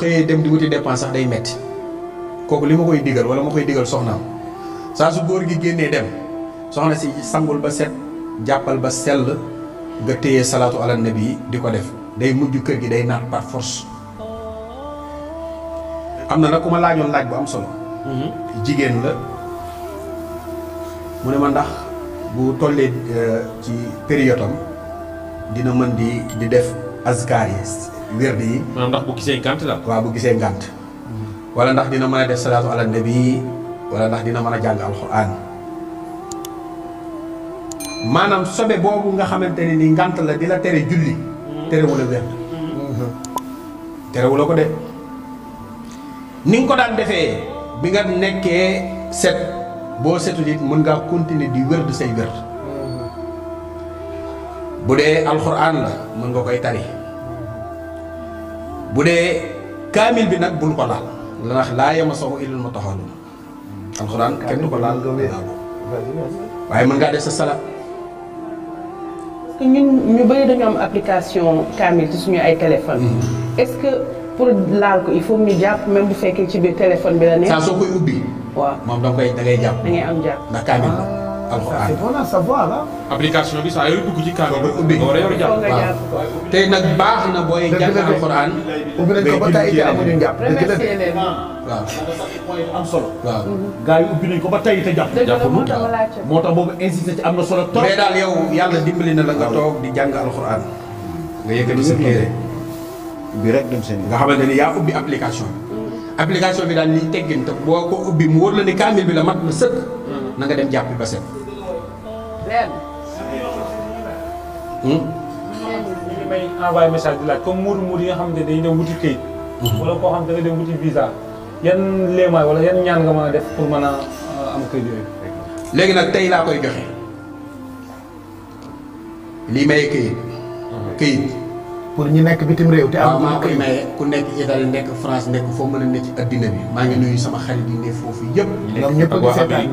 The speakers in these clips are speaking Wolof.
xëyee dem di wuti dépense sax day metti kooku li ma koy digal wala ma koy digal soxnaam saa su góor gi génnee dem soxna si sangul ba set jàppal ba sell nga téye salaatu ala nabi yi di ko def day mujj kër gi day naat par force am na nag ku ma laajoon laaj bu am solo mhm. jigéen la mu ne ma ndax bu tollee euh, ci période dina mën di di def azkar wird yi ndax bu gisee ngant la waaw bu gisee ngant wala ndax dina mën a def salaatu ala nabi wala ndax dina mën a jàng alquran maanaam sobe boobu nga xamante ni ngant la di la tere julli terewu la wird terewu ko de ni nga ko daan defee bi nga nekkee set boo setul it mën ngaa continuer di wird say wird bu dee alquran la mën nga koy tari bu dee kaamil bi nag bul ko laal ndax laa yamassahu illal mutahharun alxuraan kenn ko laal waaye mën ngaa def sa salaat ñun ñu bëri dañu am application suñu ay téléphone mm-hmm. est-ce que pour laal ko il faut ñu jàpp même bu fekkee ci biir téléphone bi la nekk saa soo koy ubbi waaw moom dangay jàpp dangay am jàpp ndax kaamil la ah. alxuraan c'est bon à savoir application bi saa yooyu dugg ci kàddu gi ubbi war a yor jàpp waaw tey nag baax na booy jàng alxuraan. ubbi nañ ko ba tey te solo. waaw gars ko ba tey te jàpp. jàpp moo tax moo tax boobu insisté am na solo trop. mais daal yàlla dimbali la nga toog di jàng alxuraan. nga yëkkati sa téere bi rek dem seen nga xamante ni yaa ubbi application bi. application bi daal ni teggin te boo ko ubbi mu wóor la ni kaamil bi la mat na sëkk. Mm. na nga dem jàppi ba set. benn. ñu hmm? may envoyé message di laaj comme muuru muuru yi nga xam ne dañuy dem wuti këyit. Hmm. wala koo xam ne da nga dem wuti visa. yan léemaay wala yan ñaan nga mën a def pour mën a uh, am këyit yooyu. léegi nag tey laa koy joxe lii maye këyit. Hmm. këyit. pour ñu nekk bitim réew. te am maa koy maye ku nekk Italie nekk France nekk foo mën a nekk ci addina bi maa ngi nuyu sama xarit yi ne foofu yëpp. di seetaan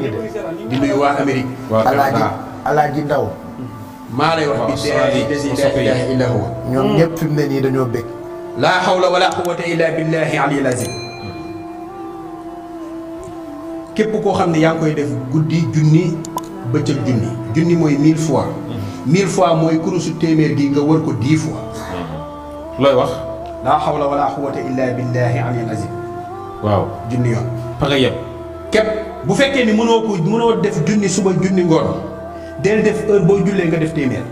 di nuyu waa Amérique. waa alaaji ndaw maa lay wax bi ilaha illa huwa ñoom ñëpp fi mu ne nii dañoo bég laa hawla wala quwwata illa billahi aliyil azim képp koo xam ne yaa ngi koy def guddi junni bëccëg junni junni mooy mille fois mille fois mooy kurusu téeméer gi nga wër ko dix fois looy wax laa hawla wala quwwata illa billahi aliyil azim waaw junni yoon fa nga yem képp bu fekkee ni mënoo ko mënoo def junni suba junni ngoon del def heure boo jullee nga def téeméer.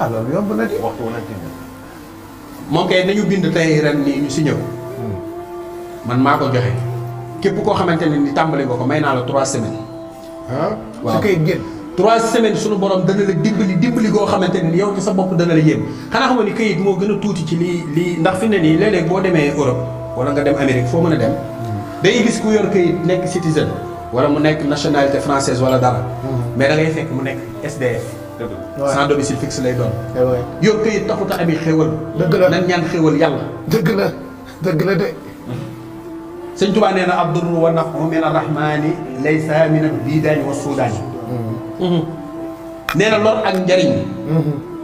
ah loolu yomb na di. waxtu wu na téeméer. moom kay nañu bind tey ren nii ñu si ñëw. Hmm. man maa ko joxe. képp koo xamante ne ni tàmbali nga ko may naa la trois semaines. ah waaw su koy génn. semaines sunu borom dana la dimbali dimbali goo xamante ne yow ci sa bopp dana la yéem xanaa xam nga ni këyit moo gën a tuuti ci lii lii ndax fi ne nii léeg-léeg boo demee Europe wala nga dem Amérique foo mën dem. Hmm. day gis ku yor këyit nekk citoyen ولا منك ناشونال تي فرانسيز ولا دارا مي دا لاي فيك منك اس دي اف سان دوميسيل فيكس لاي دون يو كي تاخوتا ابي خيول دغ لا نان نيان خيول يالا دغ لا دغ لا دي سيدنا توبا نينا عبد الله ونحو من الرحمن ليس من البيدان والسودان نينا لور اك جارين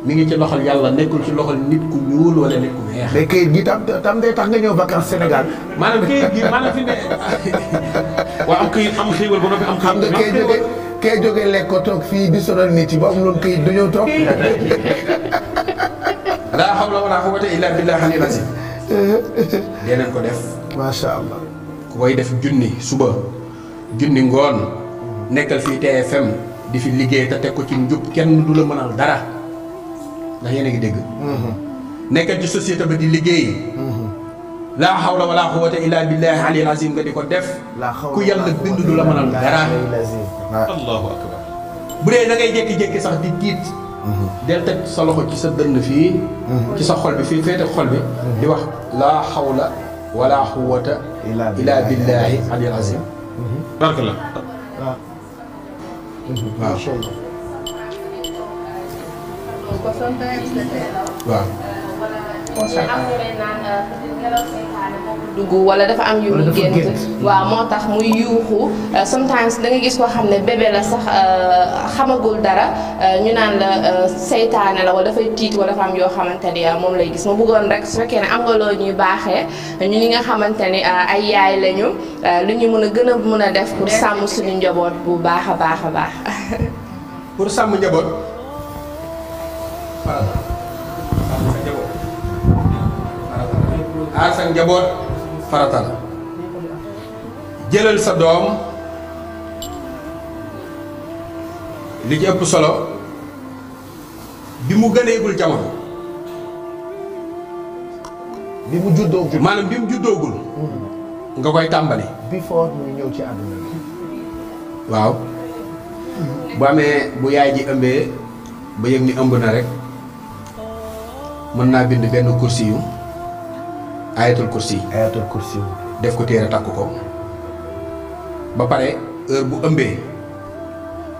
mi ngi ci loxol yàlla nekkul ci loxol nit ku ñuul wala nit ku weex. mais kayit gi tam tam day tax nga ñëw vacances Sénégal. maanaam kayit gi maanaam fi ne. waaw am kayit am xéewal ba noppi am. xam nga kay jóge kay jóge lekk ko toog di sonal nit yi ba am loon kayit du ñëw toog. laa hawla wala quwwata illa billah ali lazim. dinañ ko def. macha allah. ku koy def junni suba junni ngoon nekkal fii TFM di fi liggéey te teg ko ci njub kenn du la mënal dara. ndax yéen a ngi dégg. nekkal ci société ba di liggéey. laa xawla wala quwwata illa billahi aliyil azim nga di ko def. ku yàlla bind du la mënal dara. allahu akbar bu dee da ngay jékki-jékki sax di tiit. del teg sa loxo ci sa dënn fii. ci sa xol bi fii féete xol bi. di wax laa xawla wala quwwata. illa billahi aliyil azim. barka la waaw. waaw. dugg wala dafa am yu muy waaw moo tax muy yuuxu euh, sometimes da gis koo xam ne bébé la sax euh, xamagul dara euh, ñu naan la seytaane la wala dafay tiit wala dafa am yoo xamante ni moom lay gis ma bëggoon rek su fekkee ne am nga loo ñuy baaxee ñu ñi nga xamante ni ay yaay lañu lu ñu mën a gën a mën a def pour sàmm suñu njaboot bu baax a baax a baax pour sàmm njaboot farata sa njaboot aar farata jëlal sa doom li ci ëpp solo bi mu gëneegul jamono bi mu juddoogul maanaam bi mu juddoogul mm-hmm. nga koy tàmbali before muy ñëw ci àdduna waaw mm-hmm. bu amee bu yaay ji ëmbee ba yëg ni ëmb na rek mën naa bind benn kursi yu ayatul kursi. ayatul kursi def ko téere takk ko ba pare heure bu ëmbee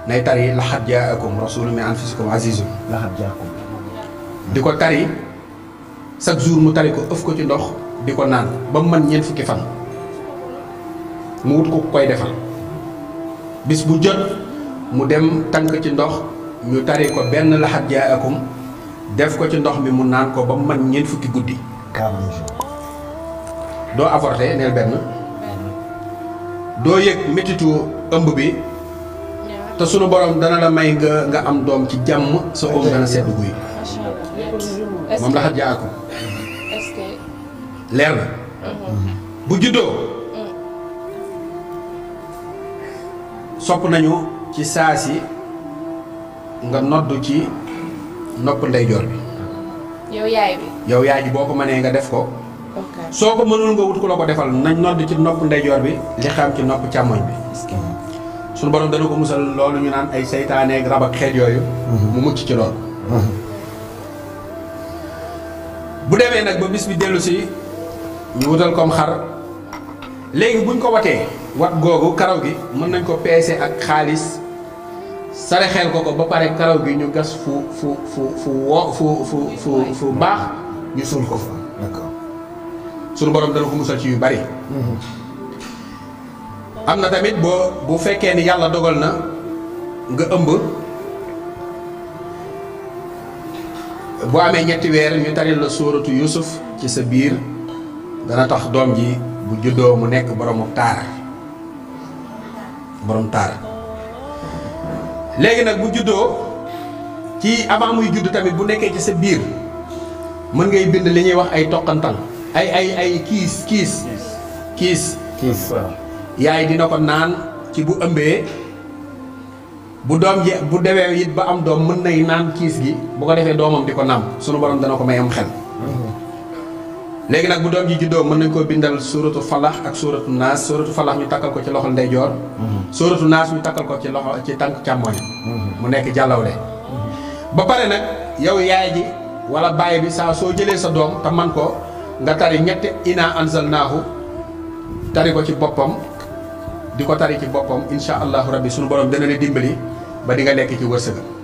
nay tari laxat jaakum rasulun min anfusikum azizun laxat di ko tari chaque jour mu tari ko ëf ko ci ndox di ko naan ba mu mën ñeent fukki fan mu wut ko koy defal bis bu jot mu dem tànk ci ndox ñu tari ko benn laxat jaakum def ko ci ndox mi mu naan ko ba mu man ñeent fukki guddi. doo avorté neel benn. doo yëg métitu ëmb bi. te sunu borom dana la may nga am doom ci jàmm sa oom dana sedd guy. moom la xat jaaku. leer na. Mhm. bu juddoo. sopp nañu ci saa si nga nodd ci. nopp ndeyjoor bi. yow yaay bi. yow yaay ji boo ko mënee nga def ko. soo ko mënul nga wut ku la ko defal nañ nodd ci nopp ndeyjoor bi li xam ci nopp càmmoñ bi. suñu borom dana ko musal loolu ñu naan ay seytaaneeg rab ak xeet yooyu. Mhm. mu mucc ci lool mhm. bu demee nag ba bis bi dellu si ñu wutal koom xar léegi buñ ko watee wat googu karaw gi mën nañ ko peese ak xaalis. saraxeel ko ko ba pare karaw gi ñu gas fu fu fu fu fu fu fu fu baax ñu suul ko su d'accord borom dana ko musal ci yu bari. Mhm. am na tamit boo bu fekkee ni yàlla dogal na nga ëmb boo amee ñetti weer ñu taril la sóoratu Yuusuf ci sa biir dana tax doom ji bu juddoo mu nekk boroomu taar borom taar. léegi nag bu juddoo ci avant muy judd tamit bu nekkee ci sa biir mën ngay bind li ñuy wax ay toqantal ay ay ay kiis kiis kiis yaay dina ko naan ci bu ëmbee bu doom ji bu dewee it ba am doom mën nay naan kiis gi bu ko defee doomam di ko nàmp sunu borom dana ko may am xel mm-hmm. léegi nak bu doom ji juddoo mën nañ koo bindal suuratu falax ak suuratu naas suuratu falax ñu takkal ko ci loxo ndeyjoor suuratu naas ñu takkal ko ci loxo ci tànk càmmoñ mu nekk jàllawle ba pare nag yow yaay ji wala baay bi saa soo jëlee sa doom man ko nga tari ina anzal tari ko ci boppam di ko tari ci boppam insha allahu rabbi suñu borom dana la dimbali ba di nga ci